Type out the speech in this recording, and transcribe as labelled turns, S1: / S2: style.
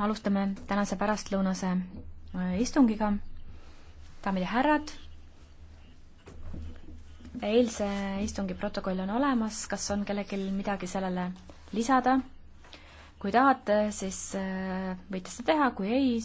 S1: alustame tänase pärastlõunase äh, istungiga. daamid ja härrad, eilse istungi protokoll on olemas, kas on kellelgi midagi sellele lisada? kui tahate, siis äh, võite seda teha, kui ei,